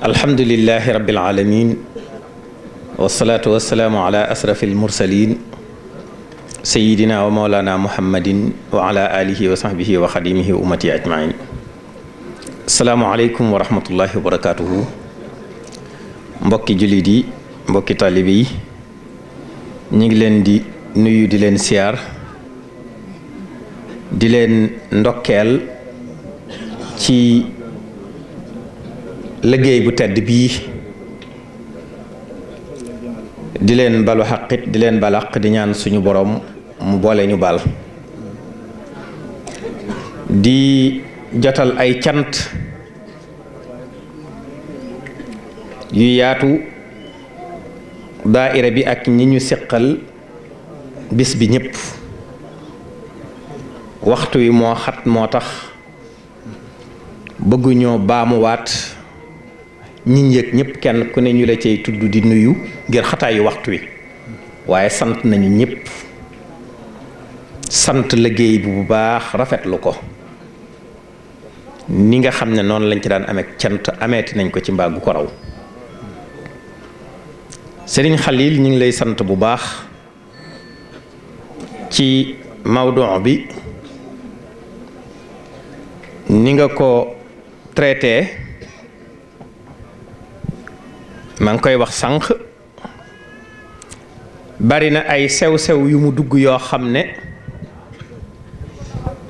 alhamdulilahi rabbil alamin wasalaatu wasalaamu ala asrafi almursalin sayidina wa maolana muhammadin wa ala alihi wa sahbihi wa xadimihi wa ummati ajmain asalaamualeykum wa rahmatullahi wa barakatuhu mbokki jullit mbokki taalibe yi ñu ngi leen di nuyu di leen siyaar ci liggéey bu tedd bii di leen balu xaqit di leen balaq di ñaan suñu boroom mu boole ñu baal di jotal ay cant yu yaatu daaira bi ak ñi ñu siqal bis bi ñépp waxtu wi moo xat moo tax bëgguñoo baamuwaat ñi yëg ñëpp kenn ku ne ñu la cay tudd di nuyu ngir xataayu waxtu wi waaye sant nañu ñëpp sant liggéey bi bu baax rafetlu ko ni nga xam ne noonu lañ ci daan amee cant ameeti nañ ko ci mbaa gu ko raw Sëriñ Xalil ñu ngi lay sant bu baax ci mawdon bi ni nga ko traité maa ngi koy wax sànq bari na ay sew-sew yu mu dugg yoo xam ne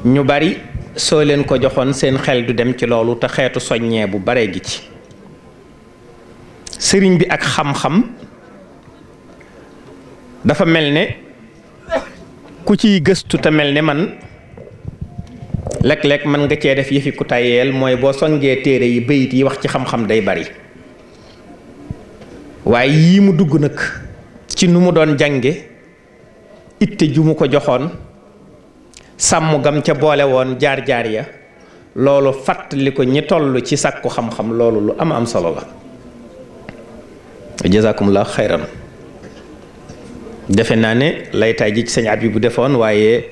ñu bari soo leen ko joxoon seen xel du dem ci loolu te xeetu soññee bu bare gi ci sëriñ bi ak xam-xam dafa mel ne ku ciy gëstu te mel ne man lekk-lekk mën nga cee def yëfi ku tayeel mooy boo songee téere yi bayit yi wax ci xam-xam day bari waaye yii mu dugg nag ci nu mu doon jànge itte ju mu ko joxoon sàmm gam ca boole woon jaar-jaar ya loolu fàttali ko ñi toll ci sàkku xam-xam loolu lu am am solo la jazakumullah xayran defe naa ne laytaay ji ci sëñ at bu defoon waaye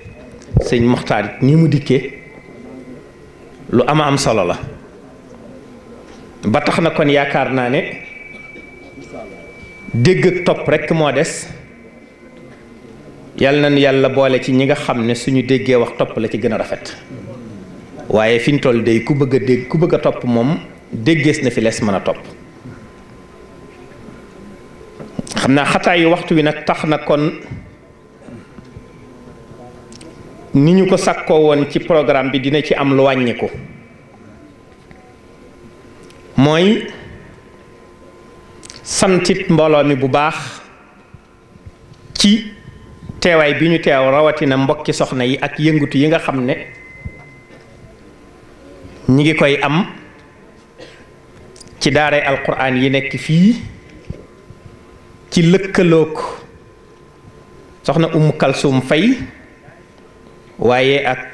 sëñ Muxtaar ni mu dikkee lu ama am solo la ba tax na kon yaakaar naa ne dégg ak topp rekk moo des yal nañu yàlla boole ci ñi nga xam ne suñu déggee wax topp la ci gën a rafet waaye fi ñu toll day ku bëgg a ku bëgg a topp moom déggees na fi les mën a topp xam naa xataa waxtu wi nag tax na kon ni ñu ko sakkoo woon ci programme bi dina ci am lu wàññiku mooy santit mbooloo mi bu baax ci teewaay bi ñu teew rawatina mbokki soxna yi ak yëngutu yi nga xam ne ñu ngi koy am ci daaray alquran yi nekk fii ci lëkkaloog soxna Umu Kalsum Fay waaye ak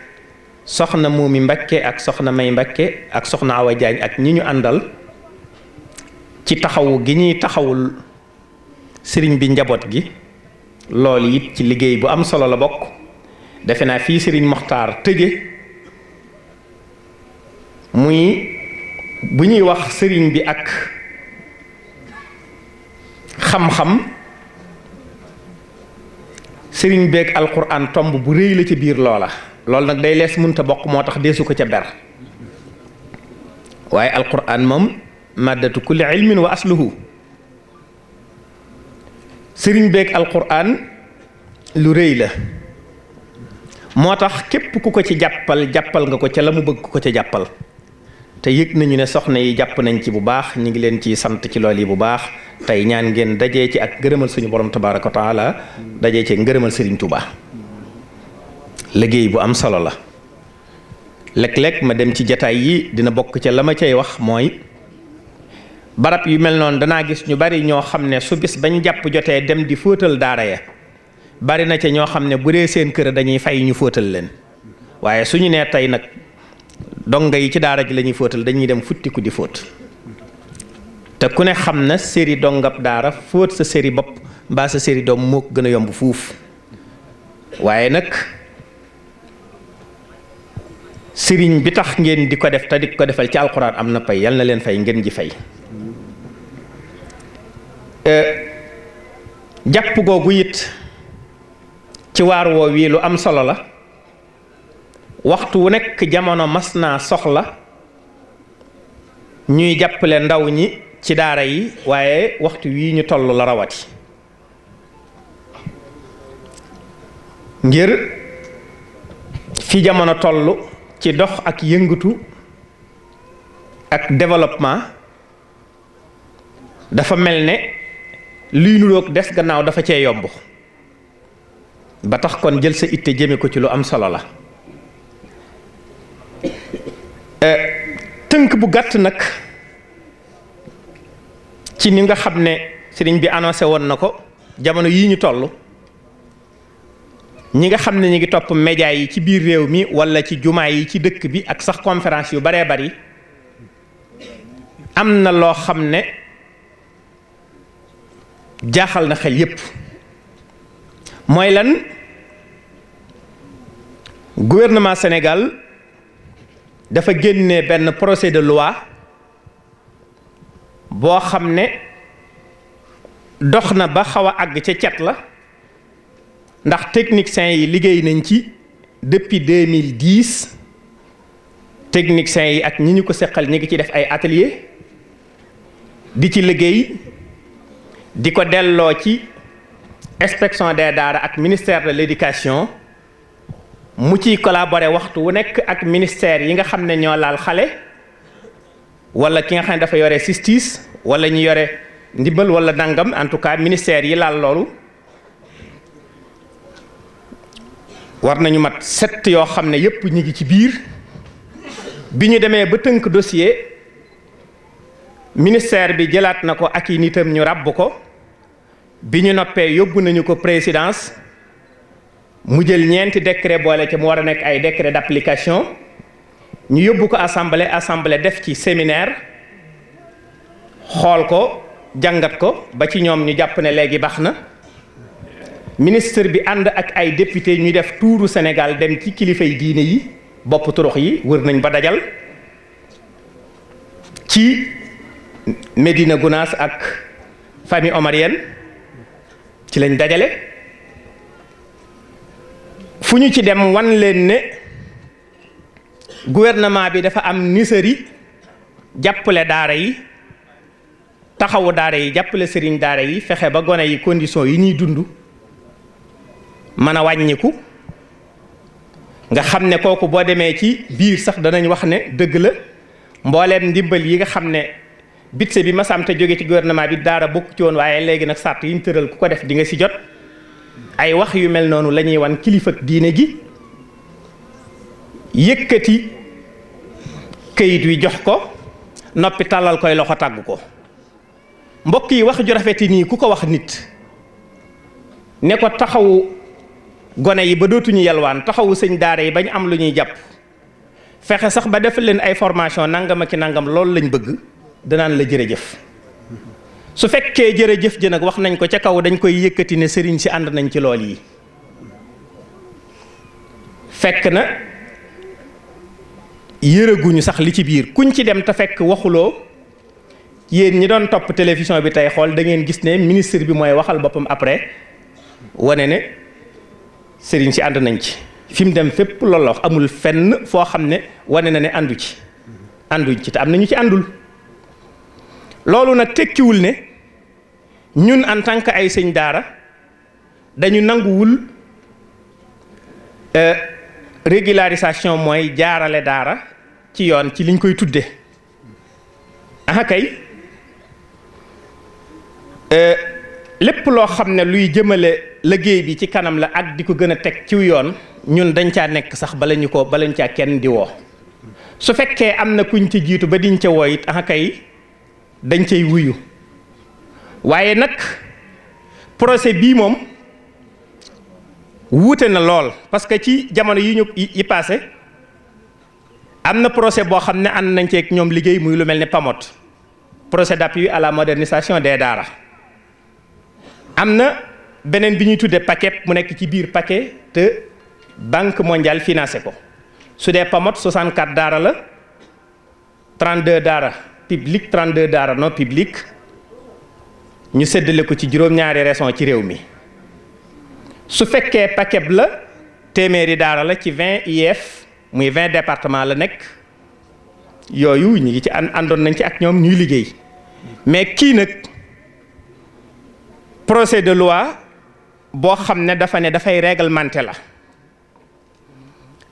soxna Moomi Mbakke ak soxna May Mbakke ak soxna Awa ak ñi ñu àndal ci taxawu gi ñuy taxawul sëriñ bi njaboot gi loolu it ci liggéey bu am solo la bokk defe naa fii sëriñ Moxtaar tëje muy bu ñuy wax sëriñ bi ak xam-xam sëriñ beeg alquran tomb bu rëy la ci biir loola loolu nag day lees munta bokk moo tax deesu ko ca ber waaye alquran moom maddatu kulli ilmin wa asluhu sëriñ beeg alquran lu réy la moo tax képp ku ko ci jàppal jàppal nga ko ca la mu bëgg ko ca jàppal te yëg nañu ne soxna yi jàpp nañ ci bu baax ñu ngi leen ciy sant ci lool yi bu baax tey ñaan ngeen dajee ci ak ngërëmal suñu borom tabaaraka wa taala dajee ci ngërëmal sëriñ Touba liggéey bu am solo la léeg lekk ma dem ci jataay yi dina bokk ca la ma cay wax mooy barab yu mel noonu danaa gis ñu bari ñoo xam ne su bis bañ jàpp jotee dem di fóotal daara ya bari na ca ñoo xam ne bu dee seen kër dañuy fay ñu fóotal leen waaye su ñu nee tey nag donga yi ci daara ji lañuy fóotal dañuy dem futtiku di fóot te ku ne xam na séri dongab daara fóot sa séri bopp mbaa sa séri doom moo gën a yomb fuuf waaye nag sëriñ bi tax ngeen di ko def te di ko defal ci alxuraan am na pay yal na leen fay ngeen ji fay Euh, jàpp googu yit ci waar woo wii lu am solo la waxtu wu nekk jamono mas naa soxla ñuy jàppale ndaw ñi ci daara yi waaye waxtu wii ñu toll la rawati ngir fi jamono toll ci dox ak yëngutu ak développement dafa mel ne luy nuroog des gannaaw dafa cee yomb ba tax kon jël sa itte jëme ko ci lu am solo la euh, tënk bu gàtt nag ci ni nga xam ne sëriñ bi annoncé woon na ko jamono yii ñu toll ñi nga xam ne ñu ngi topp média yi ci biir réew mi wala ci jumaa yi ci dëkk bi ak sax conférence yu baree bari am na loo xam ne jaaxal na xel yépp mooy lan gouvernement Sénégal dafa génne benn projet de loi boo xam ne dox na ba xaw a àgg ca cat la ndax techniciens yi liggéey nañ ci depuis 2010 techniciens yi ak ñi ñu ko seqal ñi ngi ci def ay atelier di ci liggéey di ko delloo ci inspection des daara ak ministère de l'éducation mu ciy collaborer waxtu wu nekk ak ministère yi nga xam ne ñoo laal xale walla ki nga xam ne dafa yore justice wala ñu yore ndimbal wala dangam en tout cas ministère yi laal loolu war nañu mat sept yoo xam ne yépp ñu ngi ci biir bi ñu demee ba tënk dossier ministère bi jëlaat na ko ak i nitam ñu ràbb ko bi ñu noppee yóbbu nañu ko présidence mu jël ñeenti décret boole ca mu war a nekk ay décret d'application ñu yóbbu ko assemblée assemblée def ci séminaire xool ko jàngat ko ba ci ñoom ñu jàpp ne léegi baax na ministre bi ànd ak ay député ñu def tuuru Sénégal dem ci kilifay diine yi bopp turux yi wër nañ ba dajal ci Médina Gounass ak famille omarienne ci lañ dajale fu ñu ci dem wan leen ne gouvernement bi dafa am nisari jàppale daara yi taxawu daara yi jàppale sëriñ daara yi fexe ba gone yi condition yi ñuy dund mën a wàññiku nga xam ne kooku boo demee ci biir sax danañ wax ne dëgg la mbooleem ndimbal yi nga xam ne bitse bi Massamba jóge ci gouvernement bi daara bokk ci woon waaye léegi nag sart yi ñu tëral ku ko def di nga si jot ay wax yu mel noonu lañuy wan kilifa diine gi yëkkati këyit wi jox ko noppi tàllal koy loxo tàgg ko mbokk yi wax ju rafeti nii ku ko wax nit ne ko taxawu gone yi ba dootuñu yalwaan taxawu sëñ daara yi bañ am lu ñuy jàpp fexe sax ba defal leen ay formation nangam ak ki nangam loolu lañ bëgg danaan la jërëjëf su fekkee jërëjëf ji nag wax nañ ko ca kaw dañ koy yëkkati ne sëriñ si ànd nañ ci lool yi fekk na yërëguñu sax li ci biir kuñ ci dem te fekk waxuloo yéen ñi doon topp télévision bi tey xool da ngeen gis ne ministre bi mooy waxal boppam après wane ne sëriñ si ànd nañ ci fi mu dem fépp loolu amul fenn foo xam ne wane na ne àndu ci ànduñ ci te am na ñu ci àndul loolu nag tekkiwul ne ñun en tant que ay sëñ daara dañu nanguwul euh, régularisation mooy jaarale daara ci yoon ci liñ koy tudde aha kay euh, lépp loo xam ne luy jëmale liggéey bi ci kanam la ak di ko gën a teg ciw yoon ñun dañ caa nekk sax balañu ko bala ñu caa kenn di woo su fekkee am na kuñ ci jiitu ba diñ ca woo it dañ cay wuyu waaye nag procès bii moom wuute na lool parce que ci jamono yi ñu yi passé am na procès boo xam ne ànd nañ ceeg ñoom liggéey muy lu mel ne PAMOD procès d'appui à la modernisation des daara am na beneen bi ñuy tuddee paquet mu nekk ci biir paquet te banque mondiale financé ko su dee PAMOD quatre daara la 32 daara. publique 32 daara non publique ñu séddale ko ci juróom-ñaari région ci réew mi su fekkee paquet la téeméeri daara la ci vingt IEF muy 20 département la nekk yooyu ñu ngi ci àndoon nañ ci ak ñoom ñuy liggéey mais kii nag projet de loi boo xam ne dafa ne dafay réglementé la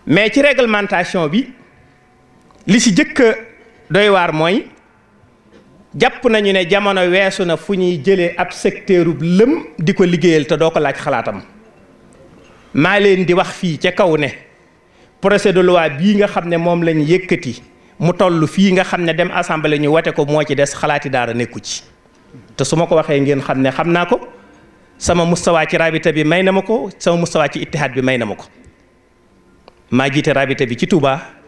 mais ci réglementation bi li si jëkk doy waar mooy jàpp nañu ne jamono weesu na fu ñuy jëlee ab secteurub lëm di ko liggéeyal te doo ko laaj xalaatam maa leen di wax fii ca kaw ne projet de loi bii nga xam ne moom lañ yëkkati mu toll fii nga xam ne dem assemblée ñu wote ko moo ci des xalaati daara nekku ci te su ma ko waxee ngeen xam ne xam naa ko sama mustawaa ci rabita bi may na ma ko sama mustawaa ci ittihaad bi may na ma ko maa jiite rabita bi ci Touba.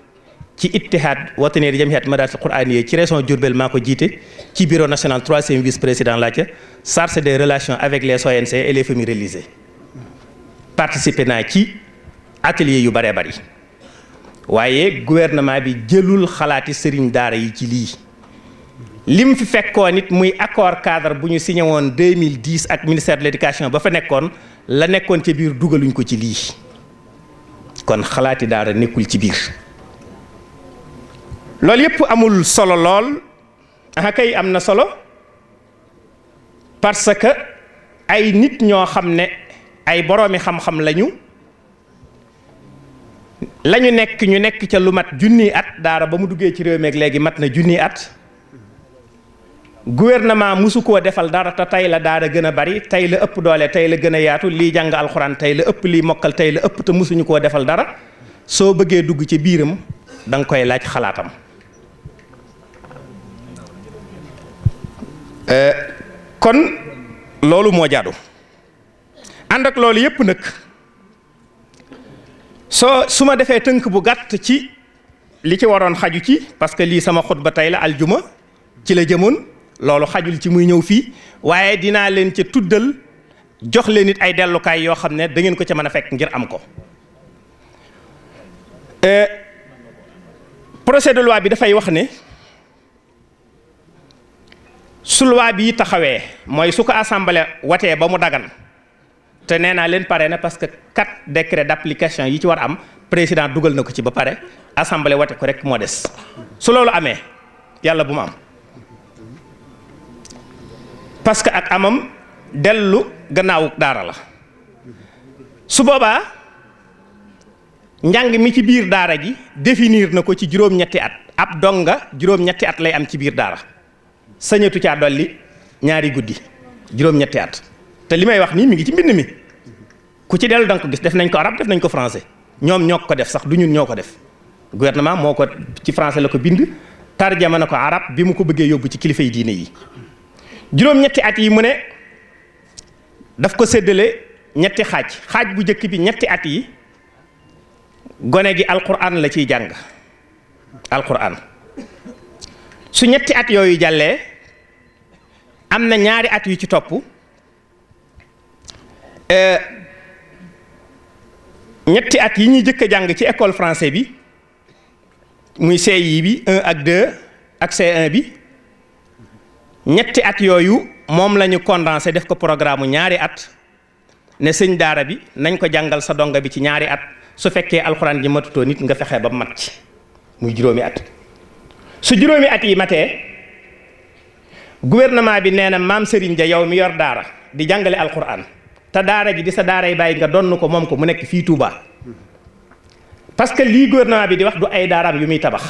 ci ittihaad wataniya jamiyaat madaaris al-quraaniyya ci région Diourbel maa ko jiite ci bureau national troisième vice président laa ca chargé des relation avec les ONG et les familles religieuses participé naa ci atelier yu bëree bëri waaye gouvernement bi jëlul xalaati sëriñ daara yi ci lii li lim fi fekkoon it muy accord cadre bu ñu signé woon 2010 ak ministère de l'éducation ba fa nekkoon la nekkoon ci biir dugaluñ ko ci lii kon xalaati daara nekkul ci biir. loolu yëpp amul solo lool ah kay am na solo parce que ay nit ñoo xam ne ay boroomi xam-xam lañu lañu nekk ñu nekk ca lu mat junni at daara ba mu duggee ci réew meeg léegi mat na junni at gouvernement musu koo defal dara te tey la daara gën a bari tey la ëpp doole tey la gën a yaatu liy jàng alxuraan tey la ëpp lii mokkal tey la ëpp te musuñu koo defal dara soo bëggee dugg ci biiram danga koy laaj xalaatam Euh, kon loolu moo jaadu ànd ak loolu yépp nag soo su ma defee tënk bu gàtt ci li ci waroon xaju ci parce que lii sama ba tey la aljuma ci la jëmoon loolu xajul ci muy ñëw fii waaye dinaa leen ca tuddal jox leen it ay dellukaay yoo xam ne da ngeen ko ca mën a fekk ngir am ko euh, projet de loi bi dafay wax ne sulwaa bii taxawee mooy su ko assemblée watee ba mu dagan te nee naa leen pare na parce que quatre décrets d'application yi ci war am président dugal na ko ci ba pare assemblée wate ko rek moo des su loolu amee yàlla bu mu am parce que ak amam dellu gannaawu daara la su boobaa njàng mi ci biir daara gi définir na ko ci juróom-ñetti at ab donga juróom-ñetti at lay am ci biir daara sañatu caa dolli ñaari guddi juróom-ñetti at te li may wax nii mu ngi ci mbind mi ku ci dellu da ko gis def nañ ko arab def nañ ko français ñoom ñoo ko def sax du ñun ñoo ko def gouvernement moo ko ci français la ko bind tarjama na ko arab bi mu ko bëggee yóbbu ci kilifa yi diine yi juróom-ñetti at yi mu ne daf ko séddale ñetti xaaj xaaj bu njëkk bi ñetti at yi gone gi alquran la ciy jàng alquran su ñetti at yooyu jàllee am na ñaari at yu ci topp euh, ñetti at yi ñuy jëkk a jàng ci école francais bi muy CI bi 1 ak 2 ak c bi ñetti at yooyu moom la ñu def ko programme ñaari at ne sëñ daara bi nañ ko jàngal sa donga bi ci ñaari at su fekkee alxuraan ji matutoo nit nga fexe ba mat ci muy juróomi at su juróomi at yi matee gouvernement bi nee na maam Serigne Dia yow mi yor daara di jàngale alquran te daara ji di sa daaray bàyyi nga donn ko moom ko mu nekk fii Touba parce que lii gouvernement bi di wax du ay daaraam yu muy tabax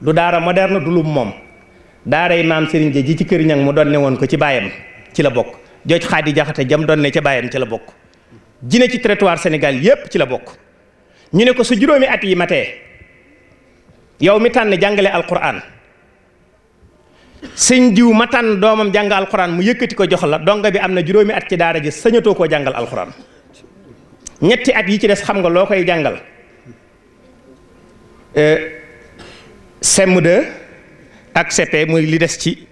du daara moderne du lum moom daaray maam Serigne Dia ji ci kër ñang mu donne woon ko ci baayam ci la bokk jooj xaadi jaxate jam donne ca baayam ci la bokk jine ci territoire Sénégal yépp ci la bokk ñu ne ko su juróomi at yi matee yow mi tànn jàngale alquran sëñ jiw matan doomam jàng alxuraan mu yëkkati ko jox la donga bi am na juróomi at ci daara ji sañatoo koo jàngal alxuraan ñetti at yi ci des xam nga loo koy jàngal CM2 euh, ak li des ci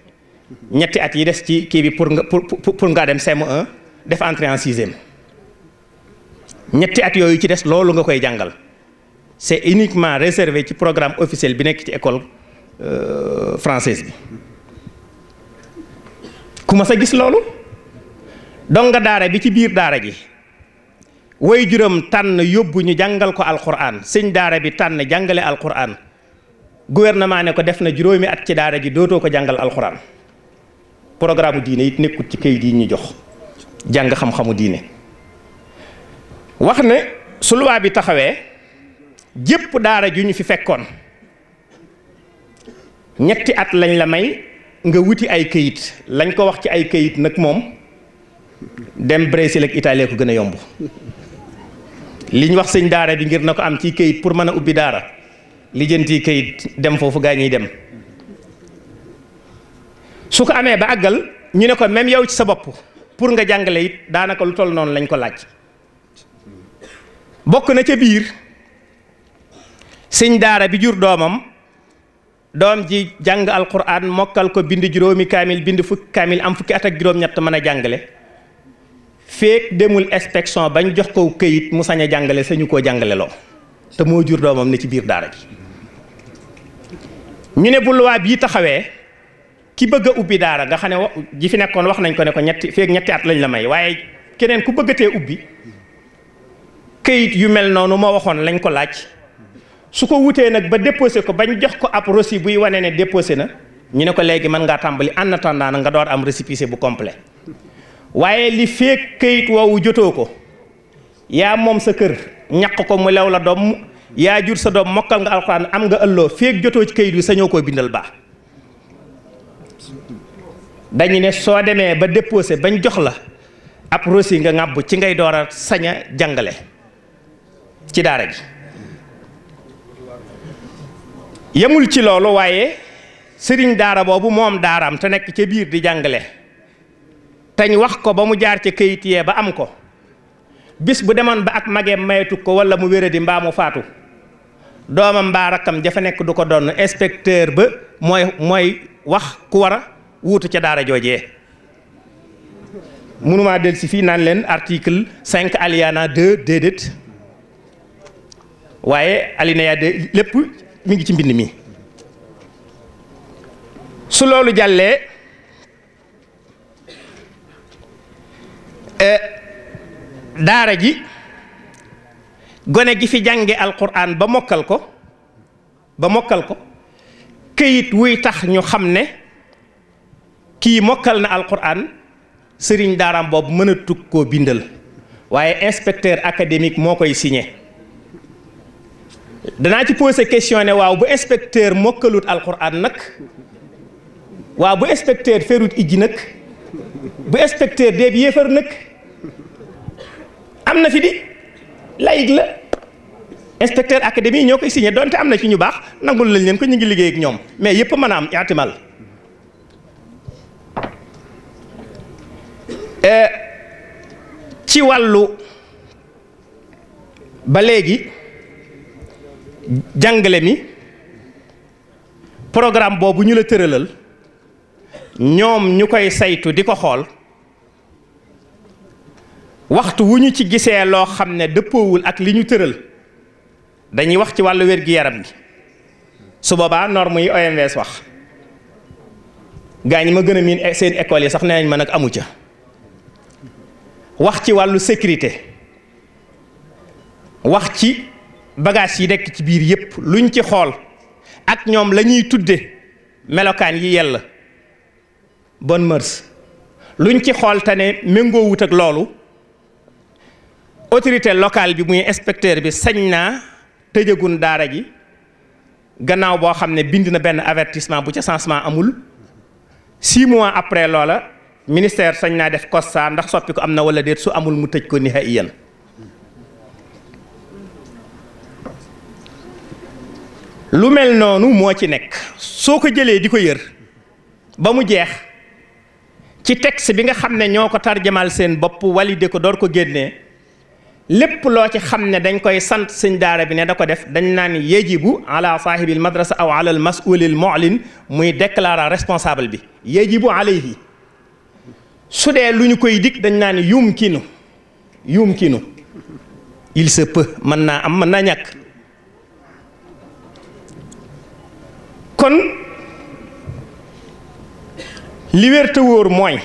ñetti at yi des ci kii bi pour nga pour pour ngaa dem cm def entrée en sixième ñetti at yooyu ci des loolu nga koy jàngal c'est uniquement réservé ci programme officiel bi nekk ci école euh, française bi kuma sa gis loolu donga daara bi ci biir daara ji woy juróom tànn yóbbu ñu jàngal ko alquran sëñ daara bi tànn jàngale alquran gouvernement ne ko def na juróomi at ci daara ji dootoo ko jàngal alquran programme diine it nekkut ci kayit yi ñu jox jàng xam-xamu diine wax ne su bi taxawee jépp daara ju ñu fi fekkoon ñetti at lañ la may nga wuti ay këyit lañ ko wax ci ay këyit nag moom dem Brésil ak Italie ko gën a yomb li ñu wax sëñ daara bi ngir na ko am ci këyit pour mën a ubbi daara li lijjanti këyit dem foofu gaa ñuy dem su ko amee ba àggal ñu ne ko même yow ci sa bopp pour nga jàngale it daanaka lu toll noonu lañ ko laaj bokk na ca biir sëñ daara bi jur doomam doom ji jàng alquran mokkal ko bind juróomi kaamil bind fukki kaamil am fukki at ak juróom-ñett mën a jàngale feek demul inspection bañ jox ko këyit mu sañ jàngale sañu ko jàngale loo te moo jur doomam ne ci biir daara ji ñu ne bu luwaa bii taxawee ki bëgg ubbi daara nga xam ne ji fi nekkoon wax nañ ko ne ko ñetti feek ñetti at lañ la may waaye keneen ku bëggatee ubbi këyit yu mel noonu moo waxoon lañ ko laaj su ko wutee nag ba déposé ko bañ jox ko ab reçu buy wane ne déposé na ñu ne ko léegi mën ngaa tàmbali en attendant nga door am récépissé bu complet waaye li feek këyit woowu jotoo ko yaa moom sa kër ñaq ko mu lew la doom yaa jur sa doom mokkal nga alxuraan am nga ëlloo feek jotoo ci këyit wi sañoo koo bindal baax dañu ne soo demee ba déposé bañ jox la ab reçu nga ŋàbb ci ngay door a sañ a jàngale ci daara ji yamul ci loolu waaye sëriñ daara boobu moom daaraam te nekk ca biir di jàngale teñ wax ko ba mu jaar ca kayit yee ba am ko bis bu demoon ba ak mageem mayatu ko wala mu wéradi mbaamu faatu doomam mbaa rakkam jafa nekk du ko doon inspecteur ba mooy mooy wax ku war a wuutu ca daara joojee mënumaa del si fii naan leen article cinq alinéa deux déedéet waaye alinéa deux lépp mi ngi ci mbind mi su loolu jàllee eh, daara ji gone gi fi jànge alquran ba mokkal ko ba mokkal ko këyit wuy tax ñu xam ne kii mokkal na alquran sëriñ daaraam boobu mënatu koo bindal waaye inspecteur académique moo koy signé danaa ci posé question ne waaw bu inspecteur mokkalut alxuraan nag waaw bu inspecteur ferut ijji nag bu inspecteur deeb yéefar nag am na fi di layig la inspecteur académie ñoo koy signé donte am na ci ñu baax nangul lañ leen ko ñu ngi liggéey ak ñoom mais yëpp mën a am yaatimal euh, ci wàllu ba léegi jàngale mi programme boobu ñu la tëralal ñoom ñu koy saytu di ko xool waxtu wu ñu ci gisee loo xam ne dëppoowul ak li ñu tëral dañuy wax ci wàllu wér-gi-yaram gi su boobaa norme yi OMS wax gaa ñi ma gën a miin e-, seen école yi sax ne nañ mën nag amu ca wax ci wàllu sécurité wax ci bagage yi nekk ci biir yépp luñ ci xool ak ñoom la ñuy tudde melokaan yi yella bonne mœurs luñ ci xool tane ne méngoowut loolu autorité locale bi muy inspecteur bi sañ naa tëjagun daara ji gannaaw boo xam ne bind na benn avertissement bu ca changement amul six mois après loola ministère sañ naa def constat ndax soppi ko am na wala déet su amul mu tëj ko niha iyan lu mel noonu moo ci nekk soo ko jëlee di ko yër ba mu jeex ci texte bi nga xam ne ñoo ko tarjamal seen bopp walide ko door ko génnee lépp loo ci xam ne dañ koy sant sëñ daara bi ne da ko def dañ naan yajibu ala saahibil madrasa aw ala al masulil molin muy déclarer responsable bi yajibu alayhi su dee lu ñu koy dikk dañ naan yumkinu yumkinu il se peut mën naa am mën naa ñàkk kon li wóor mooy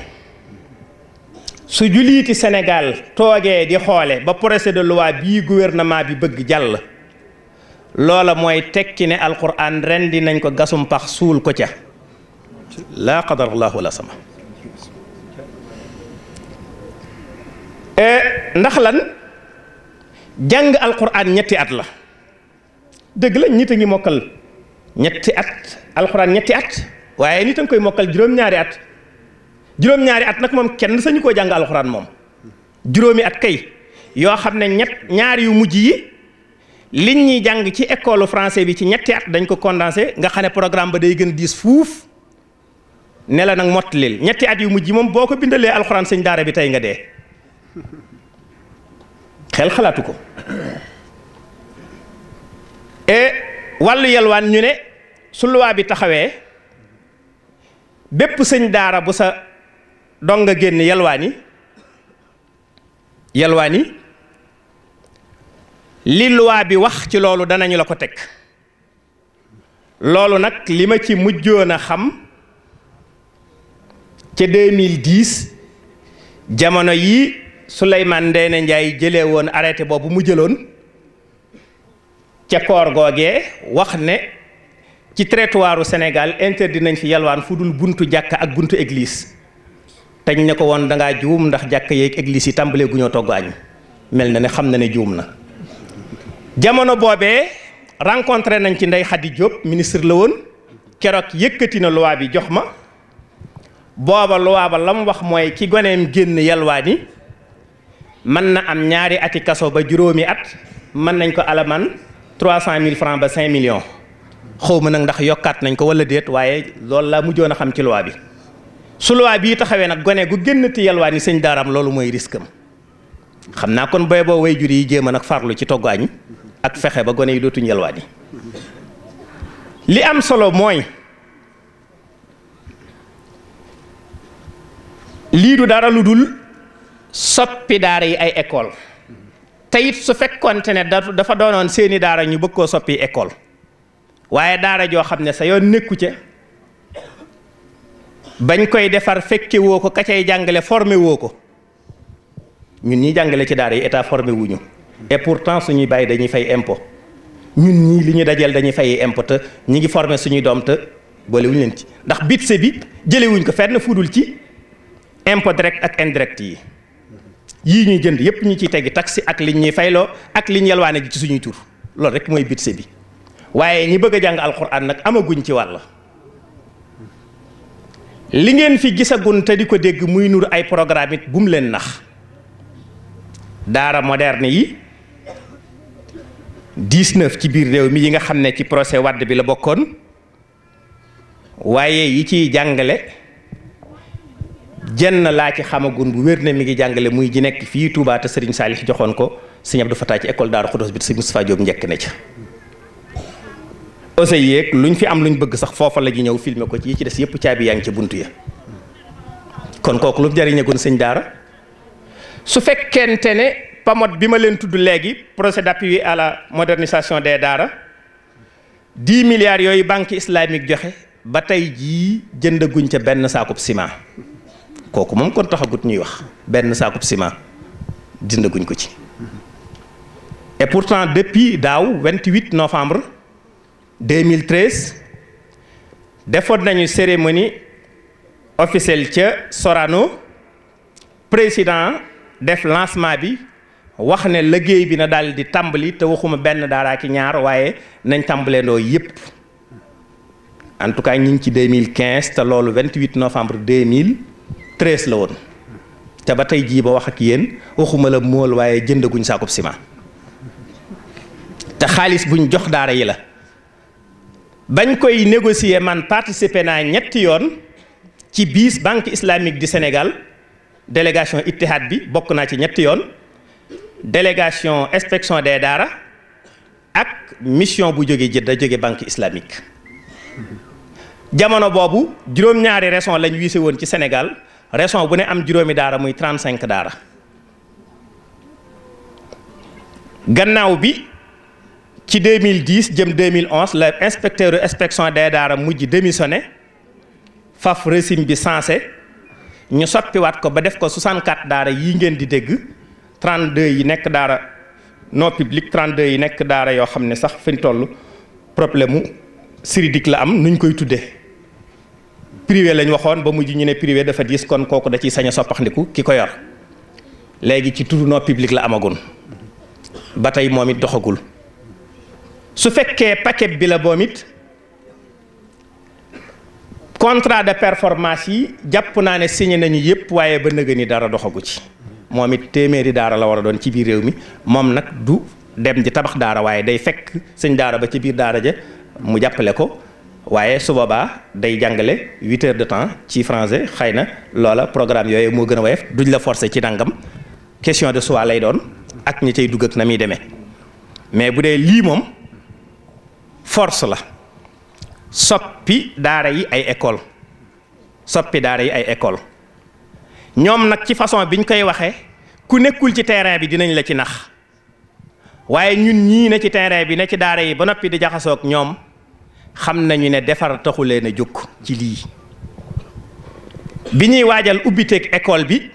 su juliiti Sénégal toogee di xoole ba projet luwaa bi bii bi bëgg jàll loola mooy tekki ne alquran ren di nañ ko gasum pax suul ko ca laa qadarallahu wala sama e, ndax lan jàng alquran ñetti at la dëgg la ñit ngi mokkal ñetti at alxuraan ñetti at waaye nit a koy mokkal juróom-ñaari at juróom-ñaari at nag moom kenn sañu koo jàng alxuraan moom juróomi at kay yoo xam ne ñett ñaar yu mujj yi liñ ñuy jàng ci école français bi ci ñetti at dañ ko condensé nga xam ne programme ba day gën a diis fuuf ne la nag mottalil ñetti at yu mujj yi moom boo ko bindalee alxuraan sañ daara bi tey nga dee xel xalaatu ko wàllu yalwaan ñu ne su luwaa bi taxawee bépp sëñ daara bu sa dong nga génn yalwaan yi yalwaan yi li luwaa bi wax ci loolu danañu la ko teg loolu nag li ma ci mujjoon a xam ca 2010 jamono yi Souleymane Ndéné Ndiaye jëlee woon arrêté boobu mu jëloon ca koor googee wax ne ci territoire u Sénégal interdit nañ fi yalwaan fu dul buntu jàkk ak buntu église teñ ne ko woon dangaa juum ndax jàkk yeeg église yi tàmbaleeguñoo gu ñoo togg añ mel na ne xam na ne juum na jamono boobee rencontré nañ ci Ndeye Khady Diop ministre la woon keroog yëkkati na loi bi jox ma booba loi ba la wax mooy ki goneem génn yalwaani mën na am ñaari ati kaso ba juróomi at mën nañ ko alaman trois cent mille francs ba cinq millions xaw ma nag ndax yokkaat nañ ko wala déet waaye loolu laa mujjoon a xam ci loi bi su loi bii taxawee nag gone gu génn ti yalwaan yi sëñ daaraam loolu mooy risque xam naa kon boy boo way jur yi jéem a nag farlu ci togg añ ak fexe ba gone yi dootuñ yalwaan yi li am solo mooy lii du dara lu dul soppi daara yi ay école te it su fekkoonte ne dafa doonoon seeni daara ñu bëgg koo soppi école waaye daara joo xam ne sa yoon nekku ca bañ koy defar fekke woo ko ka jàngale formé woo ko ñun ñi jàngale ci daara yi état formé wuñu et pourtant ñuy bàyyi dañuy fay impôt ñun ñii lu ñu dajal dañuy fay impôt te ñi ngi formé suñuy doom te boolewuñ leen ci ndax budget bi jëlewuñ ko fenn fudul ci impôt direct ak indirect yi yii ñuy jënd yépp ñu ciy teggi taxi ak liñ ñuy fayloo ak liñ yalwaane ji ci suñuy tur loolu rek mooy bitse bi waaye ñi bëgg a jàng alxuraan nag amaguñ ci wàll li ngeen fi gisagun te di ko dégg muy nur ay programme it bum leen nax daara moderne yi 19 ci biir réew mi yi nga xam ne ci procès Wade bi la bokkoon waaye yi ciy jàngale jenn laa ci xamagun bu wér ne mi ngi jàngale muy ji nekk fii Touba te Serigne Salih joxoon ko sëñ Abdou Fatah ci école Daaru Xudos bi te sëñ Moustapha Diop njëkk na ca ose lu ñu fi am lu ñu bëgg sax foofa la ji ñëw filmer ko ci ci des yëpp caabi yaa ngi ci buntu ya kon kooku lu jëriñagun sëñ daara su fekkente ne pamot bi ma leen tudd léegi projet d'appui à la modernisation des daara 10 milliards yooyu banque islamique joxe ba tey jii jëndaguñ ca benn saakub ciment. kooku moom kon taxagut ñuy wax benn saakub ciment dindaguñ ko ci et pourtant depuis daaw 28 novembre 2013 defoon nañu cérémonie officielle ca Sorano président def lancement bi wax ne liggéey bi na daal di tàmbali te waxuma benn daaraa ki ñaar waaye nañ tàmbaleendoo yépp en tout cas ñu ngi ci 2015 te loolu 28 novembre 2000 treize la woon te ba tey jii ba wax ak yéen waxuma la mool waaye jëndaguñ saakub sima te xaalis buñ jox daara yi la bañ koy négocier man participer naa ñetti yoon ci biis banque islamique di Sénégal délégation Ittihad bi bokk naa ci ñetti yoon délégation inspection des daara ak mission bu jóge Jidda jóge banque islamique jamono boobu juróom-ñaari raison lañu wiise woon ci Sénégal région bu ne am juróomi daara muy cinq daara gannaaw bi ci 2010 jëm 2011 la inspecteur inspection des daara mujj démissionné faf régime bi sensé ñu soppiwaat ko ba def ko 64 daara yi ngeen di dégg 32 yi nekk daara non public 32 yi nekk daara yoo xam ne sax fi ñu toll problème mu juridique la am nuñ koy tuddee. privé lañ waxoon ba mujj ñu ne privé dafa diis kon kooku da ciy sañ a soppaxndiku ki ko yor léegi ci turu non la amagun ba tey moom it doxagul su fekkee paquet bi la boom it contrat de performance yi jàpp naa ne signé nañu yëpp waaye ba nëgë ni dara doxagu ci moom it téeméeri daara la war a doon ci biir réew mi moom nag du dem di tabax daara waaye day fekk sëñ daara ba ci biir daara ja mu jàppale ko waaye su boobaa day jàngale huit heures de temps ci français xëy na loola programme yooyu moo gën a woyof duñ la forcer ci nangam question de soi lay doon ak ñi cay dugg ak na muy demee mais bu dee lii moom force la soppi daara yi ay école soppi daara yi ay école ñoom nag ci façon biñ koy waxee ku nekkul ci terrain bi dinañ la ci nax waaye ñun ñii ne ci terrain bi ne ci daara yi ba noppi di jaxasoog ñoom xam nañu ne defar taxu leen a jóg ci lii bi ñuy waajal ubbiteeg école bi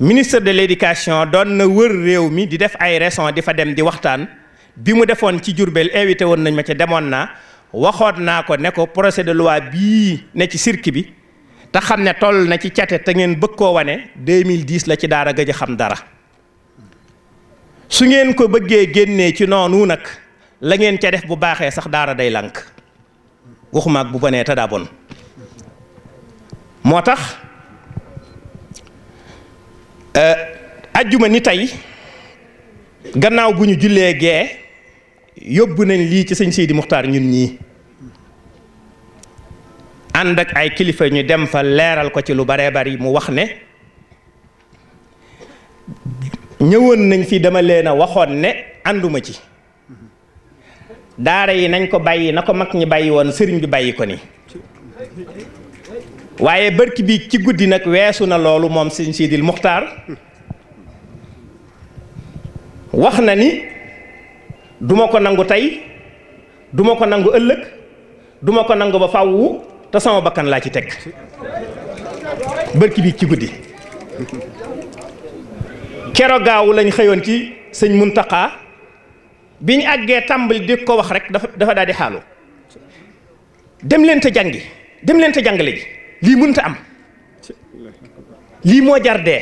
ministre de l'éducation doon na wër réew mi di def ay raison di fa dem di waxtaan bi mu defoon ci Jurbel invité woon nañ ma ci demoon naa waxoon naa ko ne ko projet de loi bii ne ci cirque bi te xam ne toll na ci cate te ngeen bëgg koo wane 2010 la ci daara gëj a xam dara su ngeen ko bëggee génnee ci noonu nag. la ngeen ca def bu baaxee sax daara day lànk waxumaag bu bonee te moo tax euh, ajjuma ni tey gannaaw bu ñu jullee gee yóbbu nañ lii ci sëñ Sidi Muxtaar ñun ñii ànd ak ay kilifa ñu dem fa leeral ko ci lu baree bari mu wax ne ñëwoon nañ fii dama leen a waxoon ne ànduma ci daara yi nañ ko bàyyi na ko mag ñi bàyyi woon sëriñ bi bàyyi ko ni waaye bërki bi ci guddi nag weesu na loolu moom sëñ Sidil Muxtaar wax na ni duma ko nangu tey duma ko nangu ëllëg duma ko nangu ba fàwwu te sama bakkan laa ci teg bërki bi ci guddi kero gaawu lañ xëyoon ci sëñ Muntaqa bi ñu àggee tàmbali di ko wax rek dafa dafa daal di xaalu dem leen te jàngi dem leen te jàngale ji lii mënta am lii moo jar dee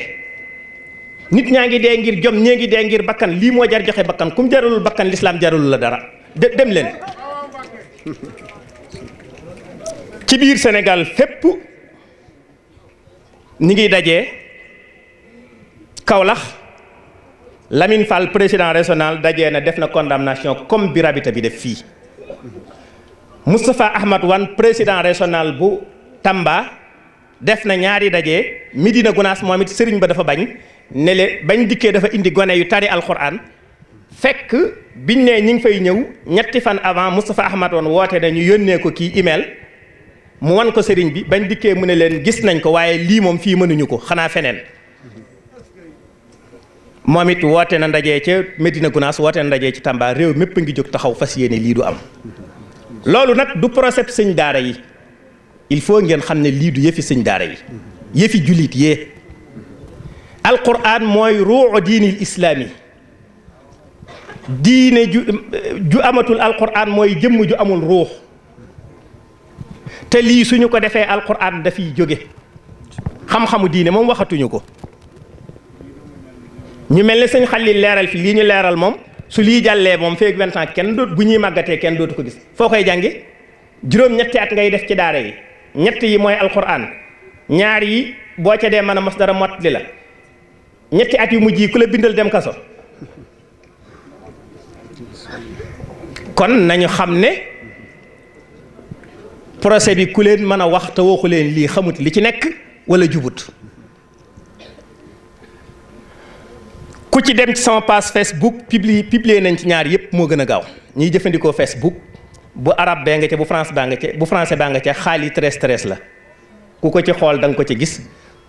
nit ñaa ngi dee ngir jom ñee ngi dee ngir bakkan lii moo jar joxe bakkan kum jaralul bakkan lislaam jaralu la dara dem leen ci biir senegal fépp ñi ngi dajee Kaolack Lamine Fall président régional dajee na def na condamnation comme bi rabita bi def fii Moustapha Ahmad Wan président régional bu tàmba def na ñaari dajee Medina Gounass moom it sëriñ ba dafa bañ ne le bañ dikkee dafa indi gone yu tari alxuraan fekk biñ ne ñi ngi fay ñëw ñetti fan avant Moustapha Ahmad Wan woote na ñu yónnee ko kii email mu wan ko sëriñ bi bañ dikkee mu ne leen gis nañ ko waaye lii moom fii mënuñu ko xanaa feneen moom it woote na ndaje ca Medina Gunaas woote na ndaje ci Tamba réew mépp a ngi jóg taxaw fas yéene liidu am loolu nag du procès sëñ daara yi il faut ngeen xam ne lii du yëfi sëñ daara yi yëfi jullit yee alquran mooy ruuxu diinil islaami diine ju amatul amatul alquran mooy jëmm ju amul ruux te lii suñu ko defee alquran dafiy jóge xam-xamu diine moom waxatuñu ko ñu mel ne sëñ Xalil leeral fi lii ñu leeral moom su lii jàllee moom feek vingt kenn doot bu ñuy màggatee kenn dootu ko gis foo koy jàngi juróom-ñetti at ngay def ci daara yi ñett yi mooy alquran ñaar yi boo ca dee mën a mos dara mott li la ñetti at yu mujj yi ku la bindal dem kaso kon nañu xam ne procès bi ku leen mën a wax te waxu leen lii xamut li ci nekk wala jubut ku ci dem ci sama page Facebook publie publier nañ ci ñaar yëpp moo gën a gaaw ñiy jëfandikoo Facebook bu arab bee nga ca bu France baa nga ca bu français baa nga ca xaalis tres tres la ku ko ci xool da nga ko ci gis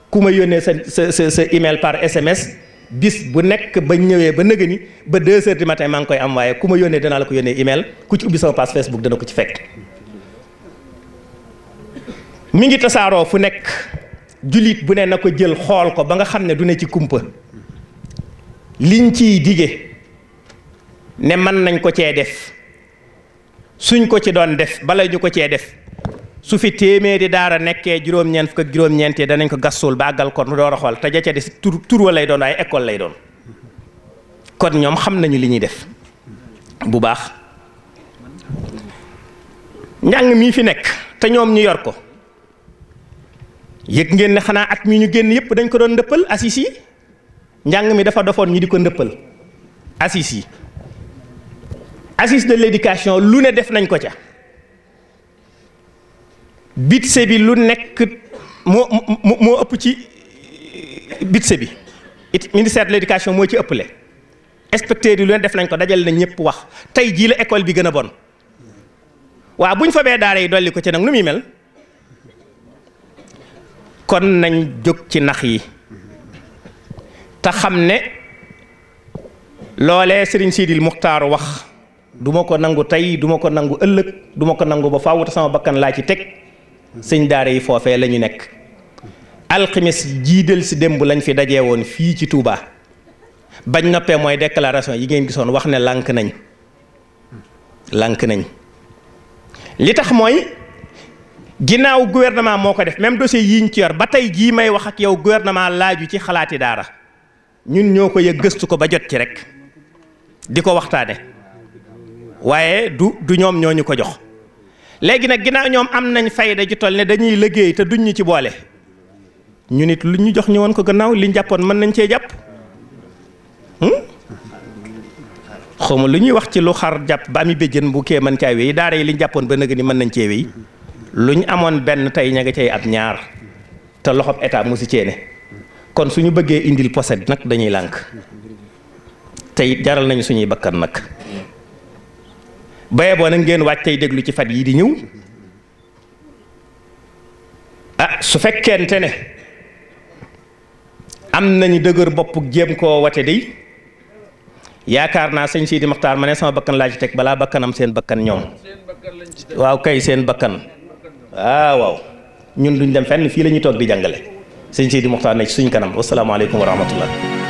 ku ma yónnee sa sa sa email par SMS bis bu nekk ba ñëwee ba nëgë ni ba 2 heures du matin maa ngi koy am waaye ku ma yónnee danaa la ko yónnee email ku ci ubbi sama page Facebook dana ko ci fekk. mi ngi tasaaroo fu nekk jullit bu nee na ko jël xool ko ba nga xam ne du ne ci kumpa liñ ciy dige ne mën nañ ko cee def suñ ko ci doon def bala ñu ko cee def su fi téeméeri daara nekkee juróom-ñeent fukk ak juróom-ñeent danañ ko gassul ba àggal ko nu door a xool te ja ca des tur tur wa lay doon waaye école lay doon kon ñoom xam nañu li ñuy def bu baax njàng mii fi nekk te ñoom ñu yor ko yëg ngeen ne xanaa at mii ñu génn yëpp dañ ko doon dëppal assis yi njàng mi dafa dofoon ñi di ko ndëppal assises yi assises de l'éducation lu ne def nañ ko ca budget bi lu nekk moo moo ëpp ci euh, budget bi it ministère de l'éducation moo ci ëppale inspecteurs yi lu ne def nañ ko dajal na ñëpp wax tey jii la école bi gën a bon waaw buñ ñu fa bee daara yi dolli ko ci nag nu muy mel kon nañ jóg ci nax yi te xam ne loole sëriñ siidil muxtaar wax duma ko nangu tey duma ko nangu ëllëg duma ko nangu ba faaw te sama bakkan laa ci teg sëñ daara yi foofee la ñu nekk alxames jiidal si démb lañ fi dajee woon fii ci tuubaa bañ noppee mooy déclaration yi ngeen gisoon wax ne lànk nañ lànk nañ li tax mooy ginnaaw gouvernement moo ko def même dossier yi ñu ci yor ba tey jii may wax ak yow gouvernement laaju ci xalaati daara ñun ñoo ko yëg gëstu ko ba jot ci rek di ko waxtaane waaye du du ñoom ñoo ñu ko jox léegi nag ginnaaw ñoom am nañ fayda ju toll ne dañuy liggéey te duñ ñu ci boole ñun it lu ñu jox ñu woon ko gannaaw liñ jàppoon mën nañ cee jàpp hmm? xawma lu ñuy wax ci lu xar jàpp ba ami béjjën bu kee mën caa wéy daara liñ jàppoon ba nëgg ni mën nañ cee wéy luñ amoon benn tey ña nga cay ab ñaar te loxob état mu ceene kon su ñu bëggee indil poset nag dañuy lànk tey jaral nañu suñuy bakkan nag baye boo nag ngeen wàcc tey déglu ci fat yi di ñëw ah su nte ne am nañu dëgër bopp jéem koo wate day yaakaar naa sëñ Sidi Maxtaar ma ne sama bakkan laa ci teg balaa bakkanam seen bakkan ñoom waaw kay seen bakkan waaw ah, waaw ñun duñ dem fenn fii la ñuy toog di jàngale sëñ Seydi Moxtaar ne ci suñ kanam wasalaamaaleykum wa rahmatullah